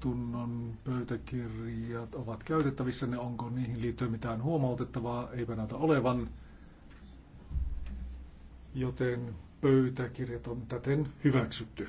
istunnon pöytäkirjat ovat käytettävissä, ne onko niihin liittyen mitään huomautettavaa, eipä näytä olevan, joten pöytäkirjat on täten hyväksytty.